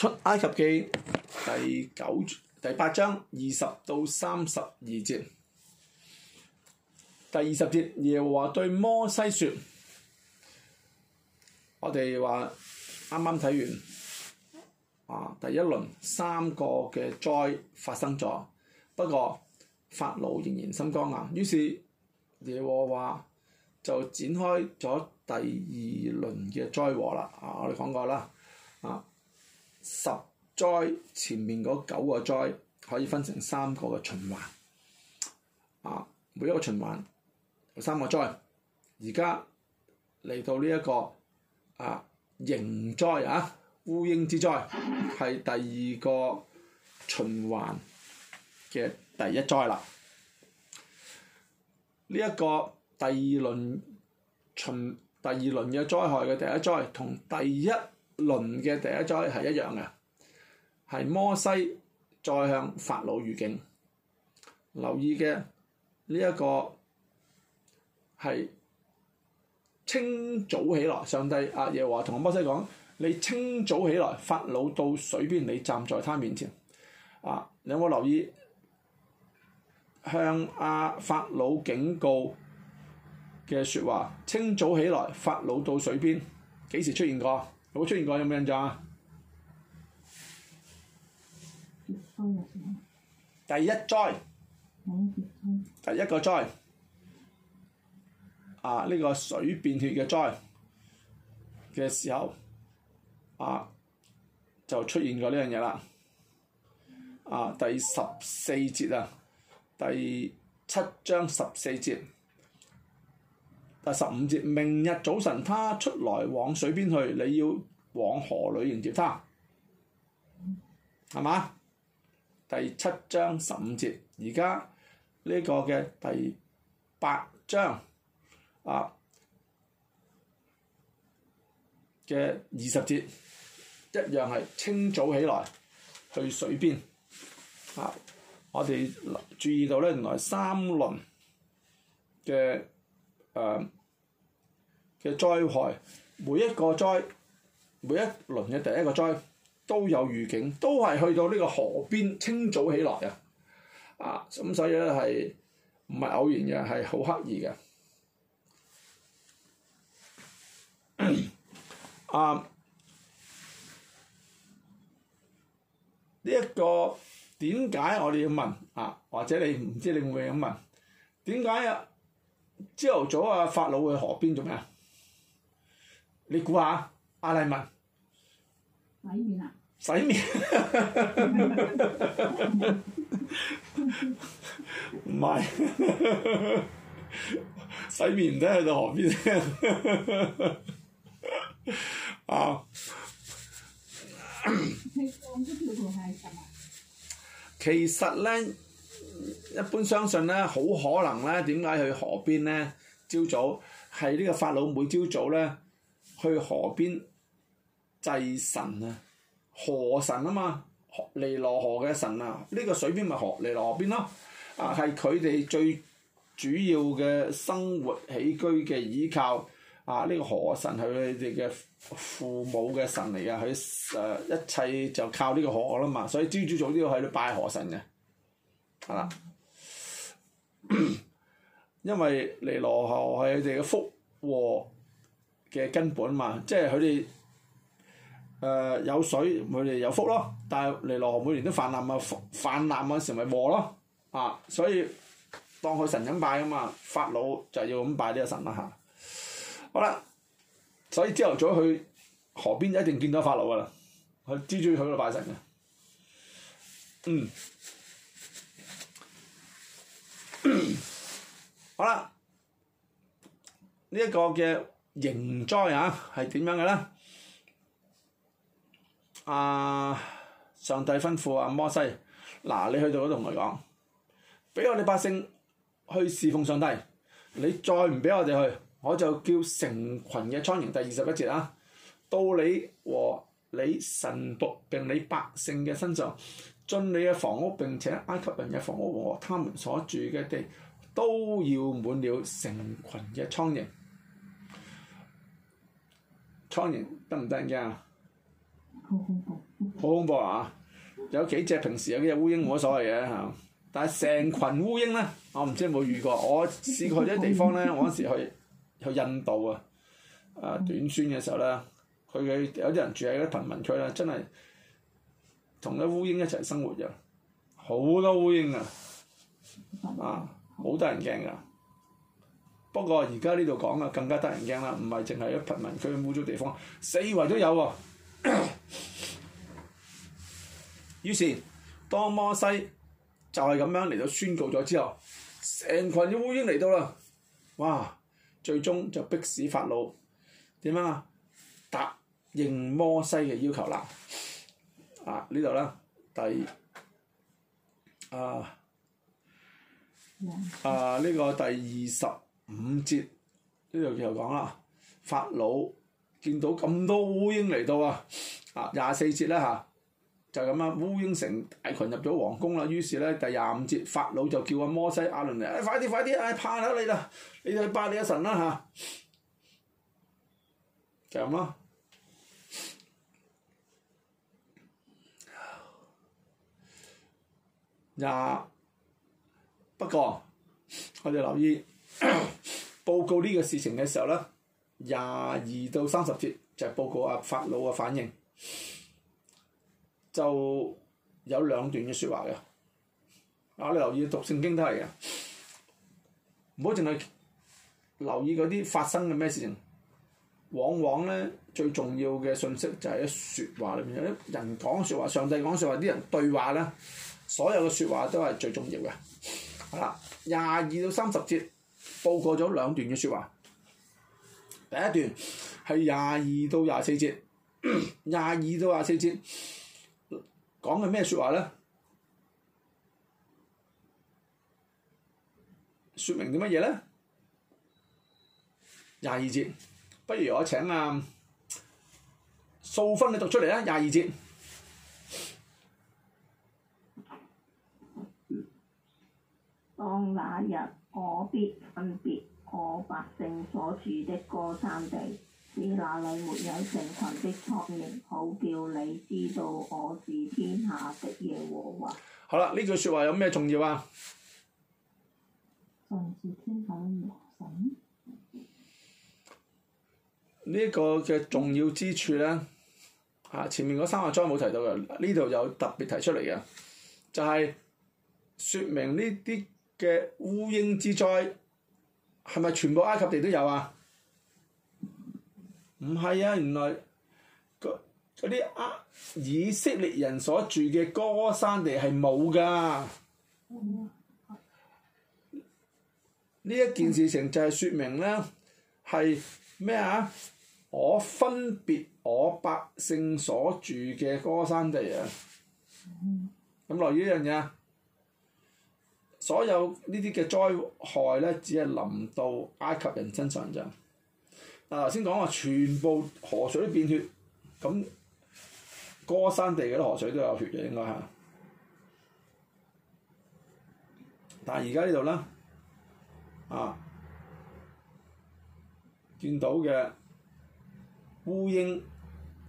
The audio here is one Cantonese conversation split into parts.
出埃及記第九第八章二十到三十二節，第二十節，耶和華對摩西説：我哋話啱啱睇完啊，第一輪三個嘅災發生咗，不過法老仍然心剛硬，於是耶和華就展開咗第二輪嘅災禍啦。啊，我哋講過啦，啊。十災前面嗰九個災可以分成三個嘅循環，啊，每一個循環有三個災，而家嚟到呢、這、一個啊，蠅災啊，烏蠅之災係第二個循環嘅第一災啦。呢、這、一個第二輪循第二輪嘅災害嘅第一災同第一。輪嘅第一災係一樣嘅，係摩西再向法老預警。留意嘅呢一個係清早起來，上帝阿耶和華同摩西講：你清早起來，法老到水邊，你站在他面前。啊，你有冇留意向阿法老警告嘅説話？清早起來，法老到水邊，幾時出現過？有冇出現過？有冇印象啊？第一災。第一結婚。個災。啊！呢、呢個水變血嘅災嘅時候，啊就出現過呢樣嘢啦。啊！第十四節啊，第七章十四節。第十五節，明日早晨他出來往水邊去，你要往河裏迎接他，係嘛？第七章十五節，而家呢個嘅第八章啊嘅二十節一樣係清早起來去水邊，啊，我哋注意到咧，原來三輪嘅。誒嘅、嗯、災害，每一個災，每一輪嘅第一個災都有預警，都係去到呢個河邊清早起來啊！啊，咁所以咧係唔係偶然嘅，係好刻意嘅。 啊，呢、這、一個點解我哋要問啊？或者你唔知你會唔會咁問？點解啊？朝頭早啊，法老去河邊做咩啊？你估下，阿黎文？洗面啊？洗面，唔係，洗面唔使去到河邊先，啊？其實咧。一般相信咧，好可能咧，點解去河邊咧？朝早係呢個法老每朝早咧，去河邊祭神啊，河神啊嘛，尼羅河嘅神啊，呢個水邊咪河尼羅河邊咯，啊係佢哋最主要嘅生活起居嘅依靠啊！呢個河神係佢哋嘅父母嘅神嚟嘅，佢誒、啊、一切就靠呢個河啦嘛，所以朝早都要喺度拜河神嘅，係啦。 因為尼羅河係佢哋嘅福禍嘅根本嘛，即係佢哋誒有水，佢哋有福咯。但係尼羅河每年都泛濫啊，氾濫嗰時咪禍咯。啊，所以當佢神人拜啊嘛，法老就要咁拜呢個神啦嚇、啊。好啦，所以朝頭早去河邊一定見到法老噶啦，佢朝早，喺嗰度拜神嘅。嗯。 好啦，呢、這、一個嘅營災啊，係點樣嘅咧？啊，上帝吩咐啊，摩西，嗱、啊、你去到嗰度同佢講，俾我哋百姓去侍奉上帝。你再唔俾我哋去，我就叫成群嘅蒼蠅。第二十一節啊，到你和你神僕並你百姓嘅身上。進你嘅房屋，並且埃及人嘅房屋和他們所住嘅地，都要滿了成群嘅蒼蠅。蒼蠅得唔得人驚啊？行行 好恐怖！好恐怖啊！有幾隻平時有幾隻烏蠅冇所謂嘅嚇，但係成群烏蠅咧，我唔知有冇遇過。我試過去啲地方咧， 我嗰時去去印度啊，啊短宣嘅時候咧，佢佢有啲人住喺啲貧民區咧，真係～同啲烏蠅一齊生活嘅，好多烏蠅啊，啊，好得人驚噶。不過而家呢度講啊，更加得人驚啦，唔係淨係一貧民區污糟地方，四圍都有喎、啊。於 是，當摩西就係咁樣嚟到宣告咗之後，成群嘅烏蠅嚟到啦，哇！最終就逼使法老點樣啊，答應摩西嘅要求啦。啊！呢度啦，第啊啊呢、這個第二十五節呢度又講啦，法老見到咁多烏蠅嚟到啊，啊廿四節啦嚇，就咁、是、啊，烏蠅成大群入咗皇宮啦，於是咧，第廿五節法老就叫阿摩西亞倫嚟，快啲快啲，哎怕咗你啦，你去拜你嘅神啦嚇，咁啊？就是廿、啊、不過，我哋留意 報告呢個事情嘅時候咧，廿二到三十節就係報告阿法老嘅反應，就有兩段嘅説話嘅。啊，你留意讀聖經都係嘅，唔好淨係留意嗰啲發生嘅咩事情，往往咧最重要嘅信息就係喺説話裏面，一啲人講説話，上帝講説話，啲人對話啦。所有嘅説話都係最重要嘅，好啦，廿二到三十節報告咗兩段嘅説話，第一段係廿二到廿四節，廿二 到廿四節講嘅咩説話咧？説明啲乜嘢咧？廿二節，不如我請阿素芬你讀出嚟啦，廿二節。當那日我必分別我百姓所住的歌珊地，使那裏沒有成群的蒼蠅，好叫你知道我是天下的耶和華。好啦，呢句説話有咩重要啊？呢一個嘅重要之處呢，前面嗰三個章冇提到嘅，呢度有特別提出嚟嘅，就係、是、説明呢啲。嘅烏蠅之災係咪全部埃及地都有啊？唔係啊，原來嗰啲阿以色列人所住嘅歌珊地係冇㗎。呢一件事情就係説明咧係咩啊？我分別我百姓所住嘅歌珊地啊。咁落於呢樣嘢。所有呢啲嘅災害咧，只係臨到埃及人身上就，啊頭先講話全部河水都變血，咁歌珊地嗰啲河水都有血嘅應該係。但係而家呢度咧，啊見到嘅烏蠅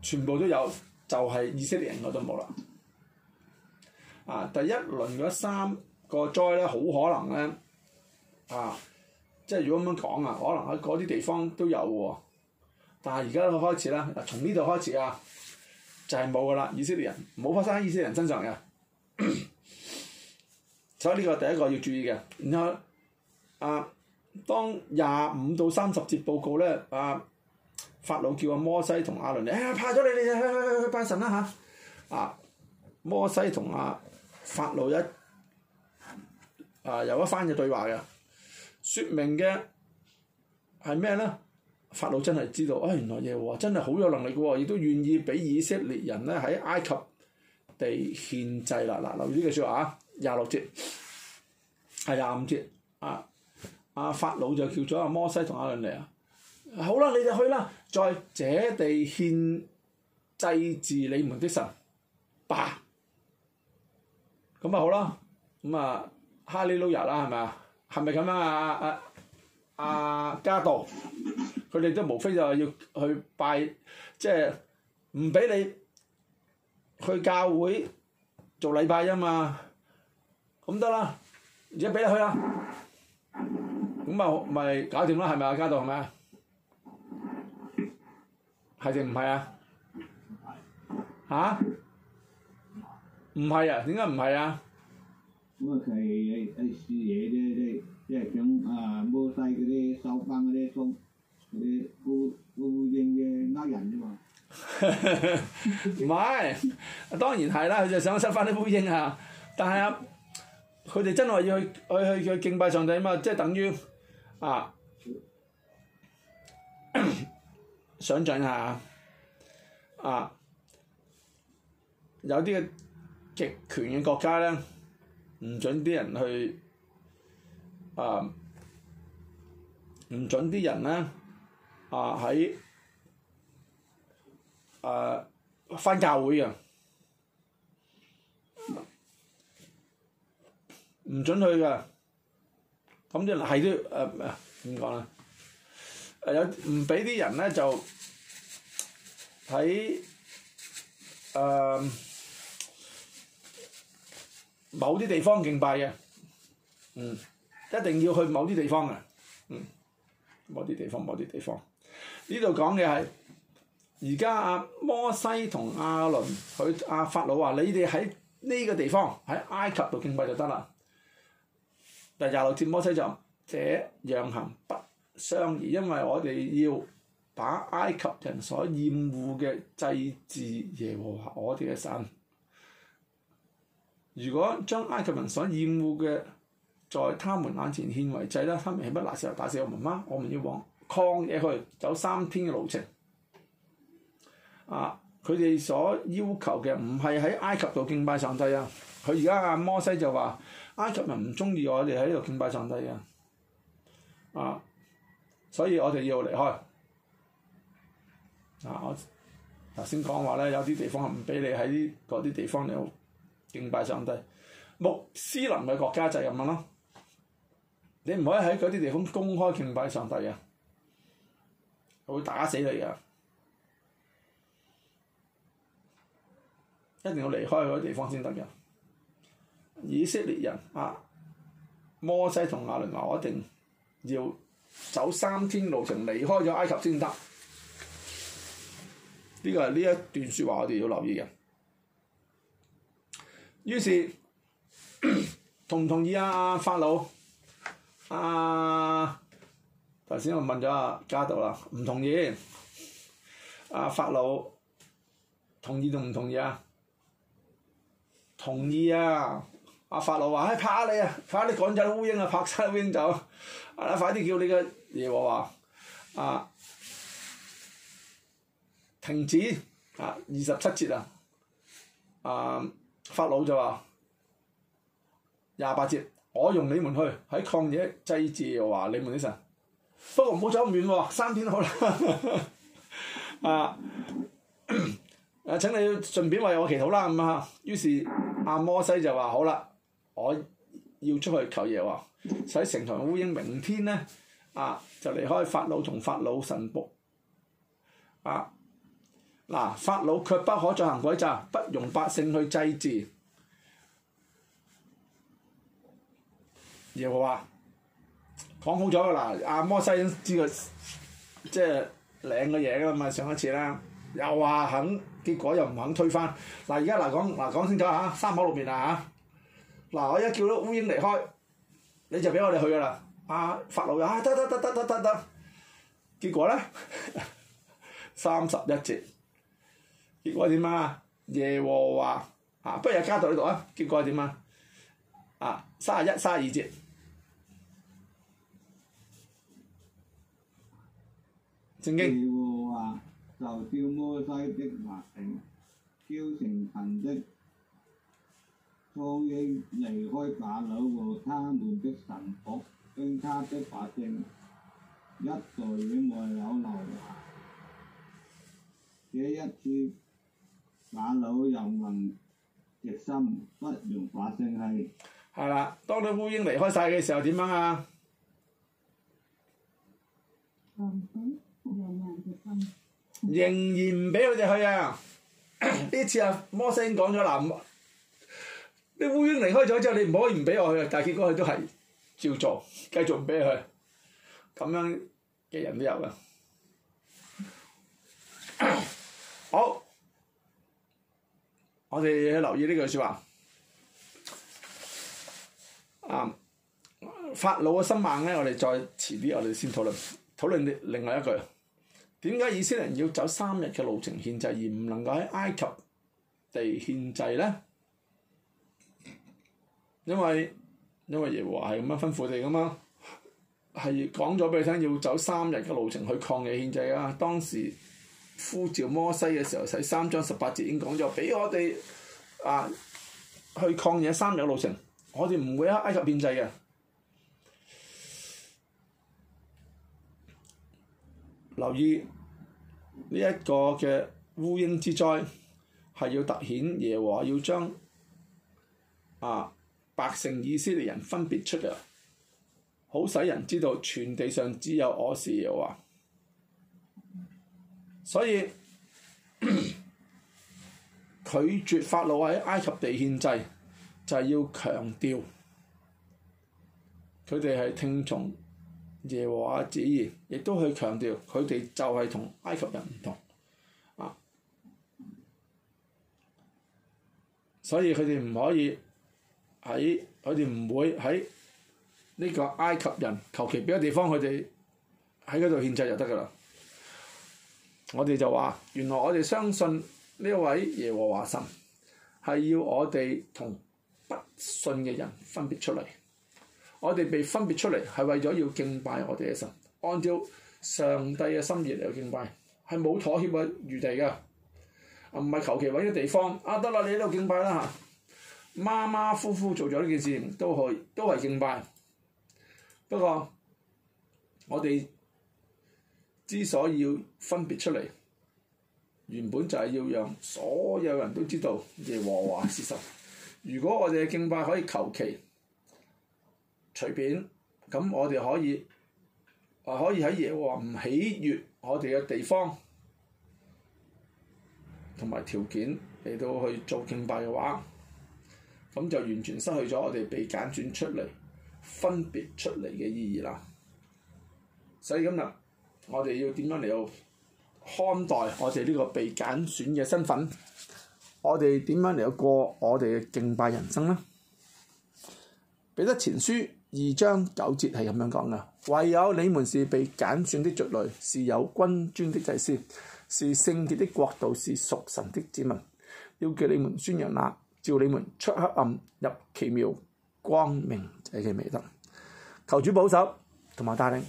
全部都有，就係、是、以色列人嗰度冇啦。啊，第一輪嗰三，個災咧，好可能咧，啊，即係如果咁樣講啊，可能喺嗰啲地方都有喎。但係而家開始咧，嗱，從呢度開始啊，就係冇噶啦，以色列人冇，發生喺以色列人身上嘅。 所以呢個第一個要注意嘅。然後，啊，當廿五到三十節報告咧，啊，法老叫阿摩西同阿倫嚟，哎呀，派咗你哋去去去拜神啦、啊、嚇。啊，摩西同阿、啊、法老一啊、呃，有一番嘅對話嘅，説明嘅係咩咧？法老真係知道，唉、哎，原來耶和華真係好有能力嘅喎，亦都願意俾以色列人咧喺埃及地獻祭啦。嗱，留意呢句説話嚇，廿六節，係廿五節，啊，阿、啊啊、法老就叫咗阿摩西同阿倫嚟啊。好啦，你哋去啦，在這地獻祭祀你們的神吧。咁啊，好啦，咁啊～哈利路亞啦，係咪啊？係咪咁樣啊？阿阿阿家道，佢哋都無非就係要去拜，即係唔俾你去教會做禮拜啊嘛，咁得啦，而家俾你去啦，咁咪咪搞掂啦，係咪啊？家道係咪啊？係定唔係啊？吓？唔係啊？點解唔係啊？咁啊，係係係樹野即係想啊，摩西嗰啲收翻嗰啲烏蠅，嗰啲烏烏蠅嘅呃人啫嘛。唔係，當然係啦，佢就想收翻啲烏蠅啊！但係啊，佢哋真係要去去去去，去敬拜上帝啊嘛，即係等於啊 想像下啊，有啲嘅極權嘅國家咧。唔准啲人去，啊、呃，唔准啲人咧，啊、呃、喺，啊，翻教會嘅，唔准去㗎，咁即係啲誒誒點講咧？誒有唔俾啲人咧就喺。誒、呃。呃某啲地方敬拜嘅，嗯，一定要去某啲地方嘅，嗯，某啲地方某啲地方，呢度講嘅係而家阿摩西同阿倫，佢阿、啊、法老話：你哋喺呢個地方喺埃及度敬拜就得啦。第廿六節摩西就：，這樣行不相宜，因為我哋要把埃及人所厭惡嘅祭祀耶和華我哋嘅神。如果將埃及人所厭惡嘅，在他們眼前獻為祭啦，他們豈不拿石頭打死我們嗎？我們要往曠野去，走三天嘅路程。啊，佢哋所要求嘅唔係喺埃及度敬拜上帝啊，佢而家阿摩西就話，埃及人唔中意我哋喺度敬拜上帝啊。啊，所以我哋要離開。啊，我頭先講話咧，有啲地方唔俾你喺嗰啲地方有。敬拜上帝，穆斯林嘅國家就係咁樣咯，你唔可以喺嗰啲地方公開敬拜上帝呀，佢會打死你噶，一定要離開嗰啲地方先得嘅。以色列人啊，摩西同亞倫話：我一定要走三天路程離開咗埃及先得。呢個係呢一段説話，我哋要留意嘅。於是 同唔同意啊？法老啊，頭先我問咗阿加道啦，唔同意。啊，法老同意同唔同意啊？同意啊！阿、啊、法老話：唉、哎，怕你啊！怕你趕走啲烏蠅啊！拍晒啲烏蠅走。啊！快啲叫你嘅耶和華啊！停止啊！二十七節啊！啊！法老就話：廿八節，我容你們去喺曠野祭祀，又話你們啲神。不過唔好走咁遠喎，三天好啦、 啊。啊，請你順便為我祈禱啦咁啊。於是阿、啊、摩西就話：好啦，我要出去求耶和華，使成羣烏蠅明天呢，啊就離開法老同法老神僕啊。嗱，法老卻不可再行詭詐，不容百姓去祭祀。耶和華講好咗噶啦，阿摩西知道即係領個嘢噶啦嘛，上一次啦，又話肯，結果又唔肯推翻。嗱，而家嗱講嗱講清楚吓，三口六面啊嚇，嗱我一叫到烏蠅離開，你就俾我哋去噶啦，啊法老又得得得得得得得，結果咧三十一節。結果點啊？耶和華，嚇、啊，不如有家讀你讀啊！結果點啊？啊，三十一、三十二節。聖經。耶和華就召摩西的百姓，召成群的蒼蠅離開法老和他們的神僕，因他的法政，一代也沒有留下。這一次。法老又硬，極心不用把聲。係啦，當你烏蠅離開晒嘅時候點樣啊？仍然唔俾佢哋去啊！呢 次啊，摩西講咗啦，啲烏蠅離開咗之後，你唔可以唔俾我去，但係結果佢都係照做，繼續唔俾佢，咁樣嘅人都有啊！ 好。我哋要留意呢句説話，啱、嗯。法老嘅心命咧，我哋再遲啲，我哋先討論討論另外一句。點解以色列人要走三日嘅路程獻祭，而唔能夠喺埃及地獻祭咧？因為因為耶和華係咁樣吩咐佢嘅嘛，係講咗俾你聽，要走三日嘅路程去曠野獻祭啊！當時。呼召摩西嘅時候，喺三章十八節已經講咗，俾我哋啊去曠野三日路程，我哋唔會喺埃及變制嘅。留意呢一個嘅烏蠅之災，係要突顯耶和華要將啊百姓以色列人分別出嚟，好使人知道全地上只有我是耶和所以 拒絕法老喺埃及地獻祭，就係、是、要強調佢哋係聽從耶和華旨意，亦都去強調佢哋就係同埃及人唔同，啊、所以佢哋唔可以喺，佢哋唔會喺呢個埃及人求其邊個地方，佢哋喺嗰度獻祭就得㗎喇。我哋就話，原來我哋相信呢位耶和華神係要我哋同不信嘅人分別出嚟。我哋被分別出嚟係為咗要敬拜我哋嘅神，按照上帝嘅心意嚟敬拜，係冇妥協嘅餘地嘅。唔係求其揾個地方，啊，得啦，你喺度敬拜啦嚇，馬馬虎虎做咗呢件事都可以，都係敬拜。不過我哋。之所以要分別出嚟，原本就係要讓所有人都知道耶和華事實。如果我哋嘅敬拜可以求其隨便，咁我哋可以啊，可以喺耶和華唔喜悅我哋嘅地方同埋條件嚟到去做敬拜嘅話，咁就完全失去咗我哋被揀選出嚟、分別出嚟嘅意義啦。所以今日。我哋要點樣嚟到看待我哋呢個被揀選嘅身份？我哋點樣嚟到過我哋嘅敬拜人生呢？彼得前書二章九節係咁樣講㗎，唯有你們是被揀選的族類，是有君尊的祭司，是聖潔的國度，是屬神的子民。要叫你們宣揚那召你們出黑暗入奇妙光明嘅美德。求主保守同埋帶領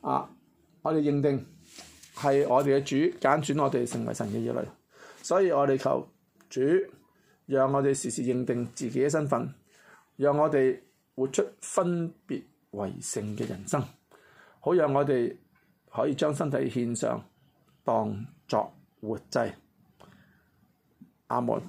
啊！我哋認定係我哋嘅主揀選我哋成為神嘅兒女，所以我哋求主讓我哋時時認定自己嘅身份，讓我哋活出分別為聖嘅人生，好讓我哋可以將身體獻上當作活祭。阿門。